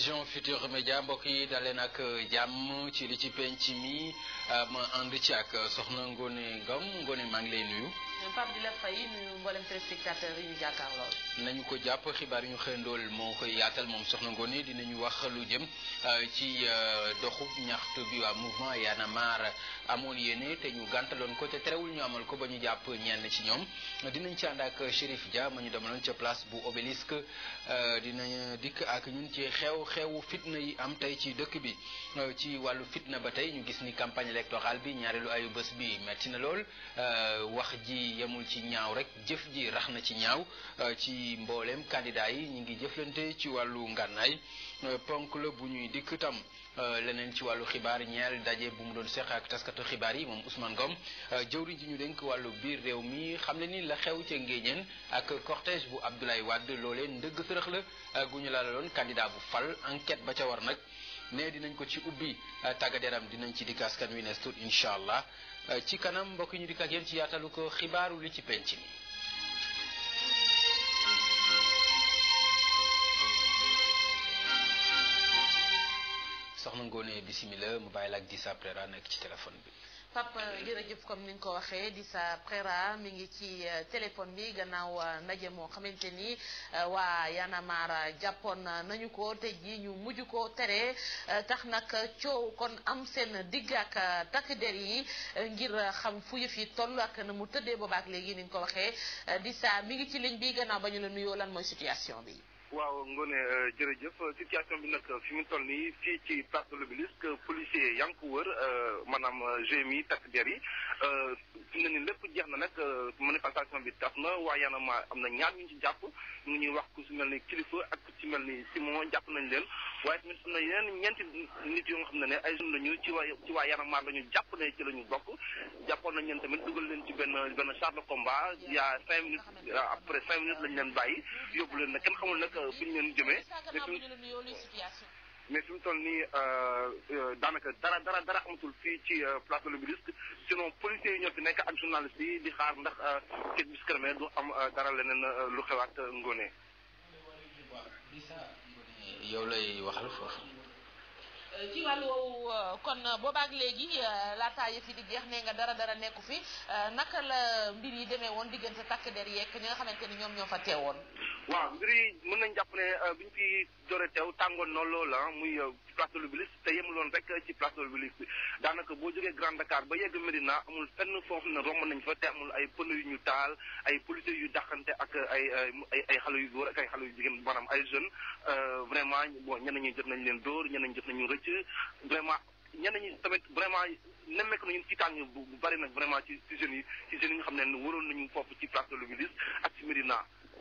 télévision Futur Média mbokk yi dalee nag jàmm ci li ci penc mi euh, ma ànd ci ak euh, soxna Ngone Ngom Ngone maa ngi lay nuyu. Pape di la fay nuyu mboolem téléspectateur yi ñu jàkkaar lool nañu ko jàpp xibaar yi ñu xëyandool moo koy yaatal moom soxna Ngoné dinañu wax lu jëm euh, ci euh, doxu ñaxtu bi waa mouvement Y'en a marre amoon yéene te ñu gàntaloon ko te terewul ñu amal ko ba ñu jàpp ñenn ci ñoom dinañ ci ànd ak Chérif Dia a ñu demaloon ca place bu obélisque euh, dinañ dikk ak ñun ci xew xew fitna yi am tey ci dëkk bi ci wàllu fitna ba tey ñu gis ni campagne électorale bi ñaareelu ayu bës bi metti na lool wax ji ji yemul ci ñaaw rek jëf ji rax na ci ñaaw euh, ci mbooleem candidat yi ñu ngi jëflante ci wàllu ngànnaay euh, ponk la bu ñuy dikk tam euh, leneen ci wàllu xibaar ñeel daje bu mu doon seq ak taskatu xibaar yi moom Ousmane Ngom jëwriñ ji ñu dénk wàllu biir réew mi xam ne ni la xew ca ngéeñeen ak cortège bu Abdoulaye Wade loolee ndëgg sërëx la gu ñu laaloon candidat bu fal enquête ba ca war nag ne dinañ ko ci ubbi eh, tàggat yaram dinañ ci dikk askan wi nees tuut incha allah eh, ci kanam mbokki ñu dikk ak ci yaatalu ko xibaaru li ci penc mi. soxna Ngone mu bàyyi la ak 10 nekk ci téléphone bi. Papa jërëjëf comme ni nga ko waxee di sa Prera mi ngi ci euh, téléphone bi gannaaw euh, ndaje moo xamante ni euh, waa Y'en a marre jàppoon nañu ko te ji ñu mujj ko tere tax nag coow kon am seen digg ak takk der yi ngir xam fu yëf yi toll ak na mu tëddee boobaak léegi ni nga ko waxee di saa mu ngi ci ligne bi gannaaw ba ñu la nuyoo lan mooy situation bi. waaw Ngoné euh, jërëjëf situation bi nag fi mu toll nii fii ci place de l'Obélisque policier yaa ngi ko wër euh, maanaam euh, GMI yi takk der yi fi mu ne nii lépp jeex na nag manifestation bi tas na waaye Y'en a marre am na ñaar ñu ci jàpp ñu ñuy wax ku ci mel ni kilifa ak ku ci mel ni Simon jàpp nañ leen. waaye tamit am na yeneen ñeenti nit yu nga xam ne ne ay jeunes lañu ci waa ci waa Y'en a marre lañu jàpp ne ci lañu bokk jàppoon nañ leen tamit dugal leen ci benn benn char de combat il y a cinq minutes après cinq minutes lañ leen bàyyi yóbbu leen nag kenn xamul nag euh, fi ñu leen jëmee mais fi mu toll nii euh, euh, daanaka dara dara dara amatul fii ci place de l'Obélisque sinon policiers yi ñoo fi nekk ak journalistes yi di xaar ndax ceeb bis du am dara leneen lu xewaat ngoonee yow lay waxal foofu. Euh, ci wàllu woowu euh, kon euh, boobaak léegi laataa yëf yi di jeex nee nga dara dara nekku fi naka la mbir yi demee woon diggante takk der yeeg ñi nga xamante ni ñoom ñoo fa teewoon. waaw mbir yi mën nañu jàpp ne euh, bi ñu fi jore teew tàngoon noonu loolu la ah, muy euh, place de l'Obélisque te yemuloon rek ci place de daanaka boo jógee Grand Dakar ba yegg Médina amul fenn foo xam ne romb nañ fa te amul ay pneu yu ñu taal ay policiers yu daxante ak ay ay ay xale yu góor ak ay xale yu jigéen maanaam ay jeunes euh, vraiment bon ñenn ñi jot nañ leen dóor ñenn ñi jot nañu rëcc vraiment ñenn ñi tamit vraiment. nemmeeku nañu ci tàng bu bari nag vraiment ci ci yi ci jeunes xam ne waroon nañu foofu ci place de l'Obélisque ak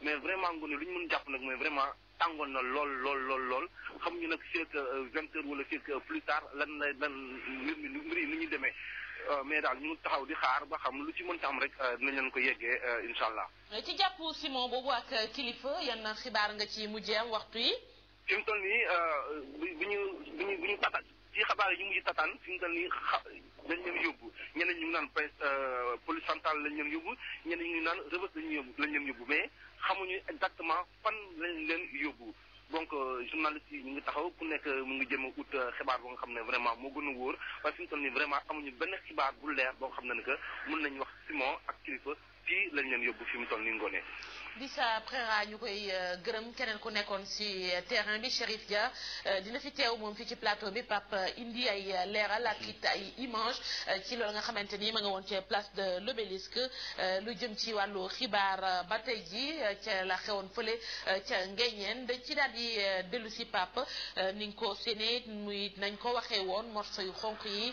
mais vraiment ngoone lu ñu mën jàpp nag mooy vraiment tàngoon na lool lool lool lool xam ñu nag fekk euh, vingt heures wala fekk euh, plus tard lan la lan mbir ñuy demee euh, mais daal ñu taxaw di xaar ba xam lu ci mënta am rek dinañ leen ko yeggee incha allah. ci jàpp Simon boobu ak kilifa yan xibaar nga ci mujjeem waxtu yi. fi mu nii bu bu ñu bu ñu bu ñu tataan ci xabaar yi ñu mujj tataan fi mu toll nii xa dañ leen yóbbu ñeneen ñu ngi naan Sall lañ leen yóbbu ñenn ñu naan Rebeuss lañ yóbbu lañ leen yóbbu mais xamuñu exactement fan lañ leen yóbbu. donc euh, journaliste yi ñu ngi taxaw ku nekk euh, mu ngi jëm ut euh, xibaar boo nga xam ne vraiment moo gën a wóor waaye fi mu toll vraiment amuñu benn xibaar bu leer boo xam ne que mën nañu wax Simon ak kilifa fii lañ leen yóbbu fi toll ni ngoonee. Bissa Préra ñu koy euh, gërëm keneen ku nekkoon si terrain bi Chérif Dia euh, dina fi teew moom fii ci plateau bi Pape euh, indi ay leeral ak it ay image ci lool nga xamante ni ma nga woon ci place de l'obélisque lu jëm ci wàllu xibaar ba tey ji ca la xewoon fële ca Ngéyeen dañ ci daal di dellu si Pape ni ko séenee muy nañ ko waxee woon morso yu xonq yi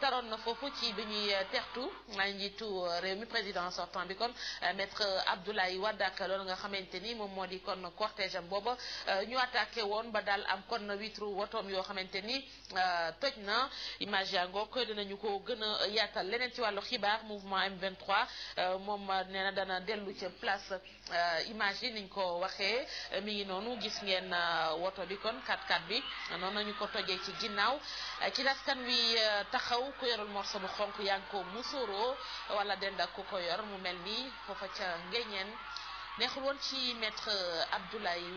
taroon na foofu ci bi ñuy tertu njiitu réew mi président sortant di kon euh, maître Abdoulaye Wade ak loolu nga xamante ni moom moo di kon cortège am booba euh, ñu attaqué woon ba daal am kon witru wotoom yoo xamante ni euh, toj na image yaa ngoog dinañu ko gën a yaatal leneen ci wàllu xibaar mouvement M23 moom nee na dana dellu ca place image yi niñ ko waxee mi ngi noonu gis ngeen woto bi kon 4 kat bi noonu nañu ko tojee ci ginnaaw ci askan wi taxaw ku yorul morso bu xonk yaa ngi ko musóoroo wala dend ak ku ko yor mu mel bi foofa ca Nguéniène neexul woon ci maître Abdoulaye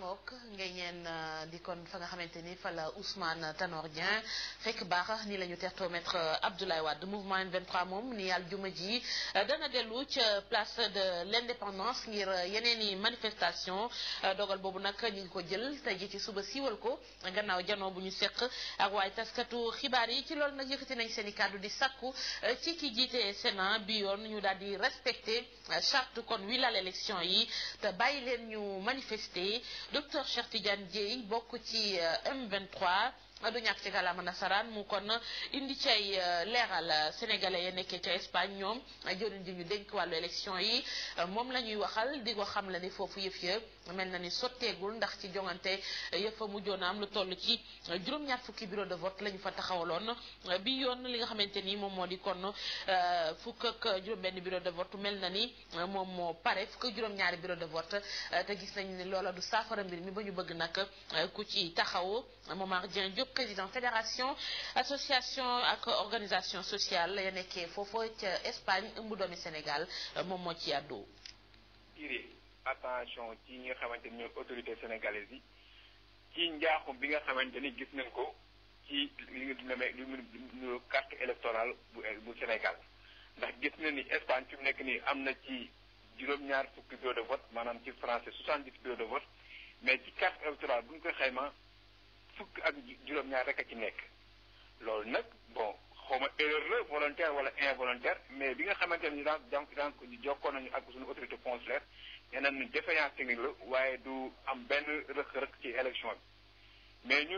mangook ngay ñeen euh, di kon fa nga xamante ni fa la Ousmane Tanor Dieng baax ni la ñu tertoo maître Abdoulaye mouvement M23 moom ni yàlla juma ji euh, dana dellu ca place de l'indépendance ngir euh, yeneen i manifestation dogal boobu nag ñu ko jël tey ji ci suba siiwal ko gannaaw janoo bu ñu seq ak waaye taskatu xibaar yi ci loolu nag yëkkati nañ seen i kàddu di sakku ci ki jiite Sénat bi yoon ñu daal di respecté charte kon wi lal élection yi te bàyyi leen ñu manifester docteur Cheikh Tidiane Dièye bokk ci euh, M23 Ah, du ñàkk ci kàllaama nasaraan mu kon indi ci ay euh, leeral sénégalais ya nekkee ca Espagne ñoom jëriñ di ñu dénk wàllu élection yi euh, moom la ñuy waxal di ko xam la ni foofu yëf ya mel na ni sotteegul ndax ci jongante euh, yëf a mujjoon am lu toll ci juróom-ñaar fukki bureau de vote la ñu fa taxawaloon bi yoon li nga xamante nii moom moo di kon fukk ak juróom-benn bureau de vote mel na ni moom moo pare fukk ak juróom-ñaari bureau de vote te gis nañu ni loola du saafara mbir mi ba ñu bëgg nag ku ci taxaw président fédération association ak organisation sociale ya nekkee foofa ca Espagne ëmb doomi Sénégal euh, moom moo ci yàddu tiré attention ci ñi nga xamante ni ñooy autorité sénégalaise yi ci njaaxum bi nga xamante ni gis nañ ko ci li nga dinamee li mu carte électorale bu bu Sénégal ndax gis na ni Espagne fi mu nekk nii am na ci juróom-ñaar fukki bureau de vote maanaam ci français soixante-dix bureau de vote mais ci carte électorale bu ñu ko xayma fukk ak juróom-ñaar rek a ci nekk loolu nag bon xaw ma erreur la volontaire wala involontaire mais bi nga xamante ne daan daan daan jokkoon nañu ak suñu autorité consulaire nee nañu défaillance technique la waaye du am benn rëq-rëq ci élection bi mais ñun